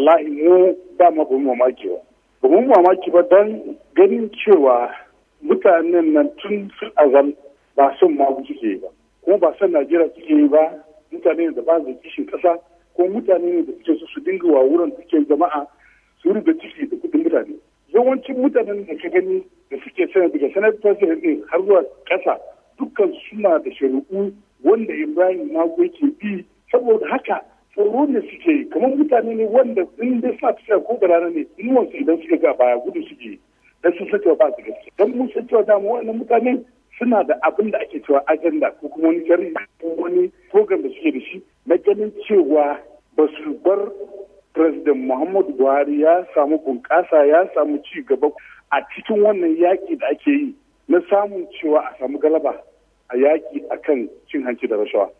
wallahi mu ba mu mamaki ba ba mu mamaki ba don ganin cewa mutanen nan tun sun azam ba son ma suke yi ba kuma ba son najeriya suke yi ba mutane da ba su kishin kasa ko mutane ne da suke su dinga wa wurin suke jama'a su riga ciki da kudin mutane yawancin mutanen da ka gani da suke sana daga sanar president har zuwa kasa dukkan suna da shari'u wanda ibrahim na yake bi saboda haka tsoro ne suke yi kamar mutane ne wanda in dai sa ko da rana ne wasu idan suka ga baya gudu suke da sun san cewa ba su gaske dan mun san cewa dama wannan mutane suna da abin da ake cewa agenda ko kuma wani jari ko wani program da suke da shi na ganin cewa ba su bar president muhammadu buhari ya samu bunƙasa ya samu ci gaba a cikin wannan yaƙi da ake yi na samun cewa a samu galaba a yaƙi akan cin hanci da rashawa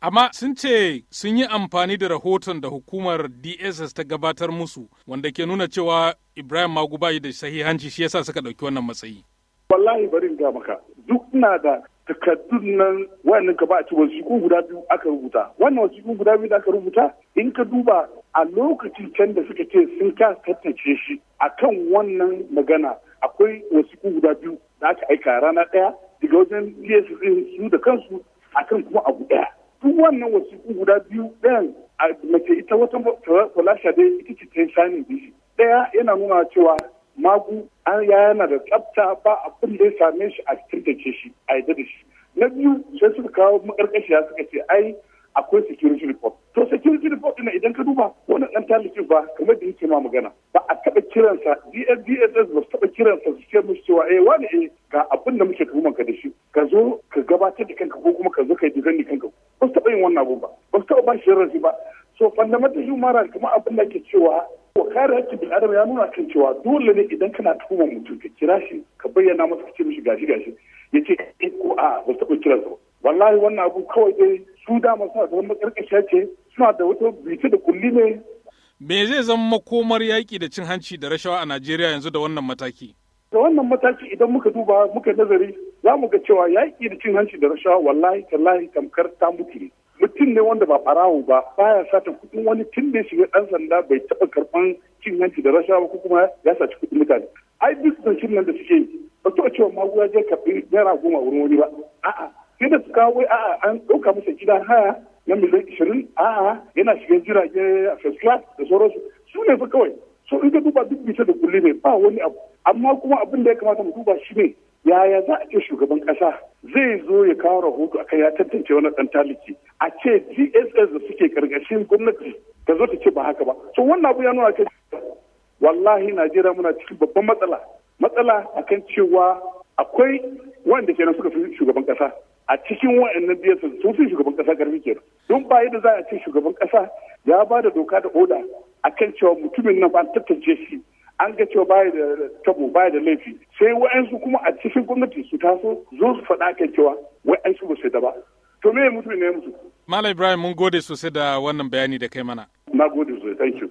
amma sun ce sun yi amfani da rahoton da hukumar dss ta gabatar musu wanda ke nuna cewa ibrahim magu bayi da sahihanci shi yasa suka ɗauki wannan matsayi wallahi bari ga maka duk na da takardun nan wayannan ka ba a ci wasiƙu guda biyu aka rubuta wannan wasiƙu guda biyu da aka rubuta in ka duba a lokacin can da suka ce sun ka tattace shi akan wannan magana akwai wasiƙu guda biyu da aka aika rana ɗaya daga wajen dss su da kansu akan kuma abu ɗaya duk wannan wasiƙu guda biyu ɗayan a mace ita wata falasha dai ita ce ta shani biyu. ɗaya yana nuna cewa magu an yana da tsafta ba abin da ya same shi a ke shi a yadda da shi na biyu sai suka kawo ya suka ce ai akwai security report to security report ɗin idan ka duba wani ɗan talibin ba kamar da yake ma magana ba a taɓa kiransa DSS ba su taɓa kiransa su ce musu cewa eh wani eh ga abin da muke tuhumanka da shi ka zo ka gabatar da kanka ko kuma ka zo ka yi kanka ba su taɓa yin wannan abu ba ba su taɓa ba shi rarrafi ba so fundamental human rights kuma abin da ke cewa ko kare haƙƙin bil adam ya nuna kan cewa dole ne idan kana tuhuma mutum ka kira shi ka bayyana masa ka ce mishi gashi gashi ya ce eh, ko a ba su taɓa kiran ba wallahi wannan abu kawai dai su dama suna da wani ƙarƙashiya ce suna da wata bice da kulli ne me zai zama makomar yaƙi da cin hanci da rashawa a Najeriya yanzu da wannan mataki da wannan mataki idan muka duba muka nazari za mu ga cewa yaƙi da cin hanci da rashawa wallahi tallahi tamkar ta mutu ne mutum ne wanda ba ɓarawo ba baya sata kudin wani tun da shiga dan sanda bai taba karban cin hanci da rashawa ko kuma ya saci kudin mutane ai duk cin nan da suke yi ba to cewa ma guya je karɓi naira goma wurin wani ba a'a sai da su kawo a'a an ɗauka masa gidan haya na miliyan ishirin a'a yana shiga jirage a first class da sauransu su ne fa kawai so in ka duba duk bisa da kulle mai ba wani abu amma kuma abin da ya kamata mu duba shi ne yaya za a ce shugaban kasa zai zo ya kawo rahoto a akan ya tantance wani ɗan taliki a ce dss da suke karkashin gwamnati ta zo ta ce ba haka ba to wannan abu ya nuna kan wallahi najeriya muna cikin babban matsala matsala a kan cewa akwai wanda kenan suka fi shugaban kasa a cikin wa'annan biyar sun fi shugaban kasa karfi kenan don ba yadda za a ce shugaban kasa ya ba da doka da oda a kan cewa mutumin nan ba tattace shi an ga cewa baya da tabo baya da laifi sai wa'ansu kuma a cikin gwamnati su taso zo su faɗa kan cewa wa'ansu ba su da ba to me mutu ne mutu malam ibrahim mun gode sosai da wannan bayani da kai mana na gode sosai thank you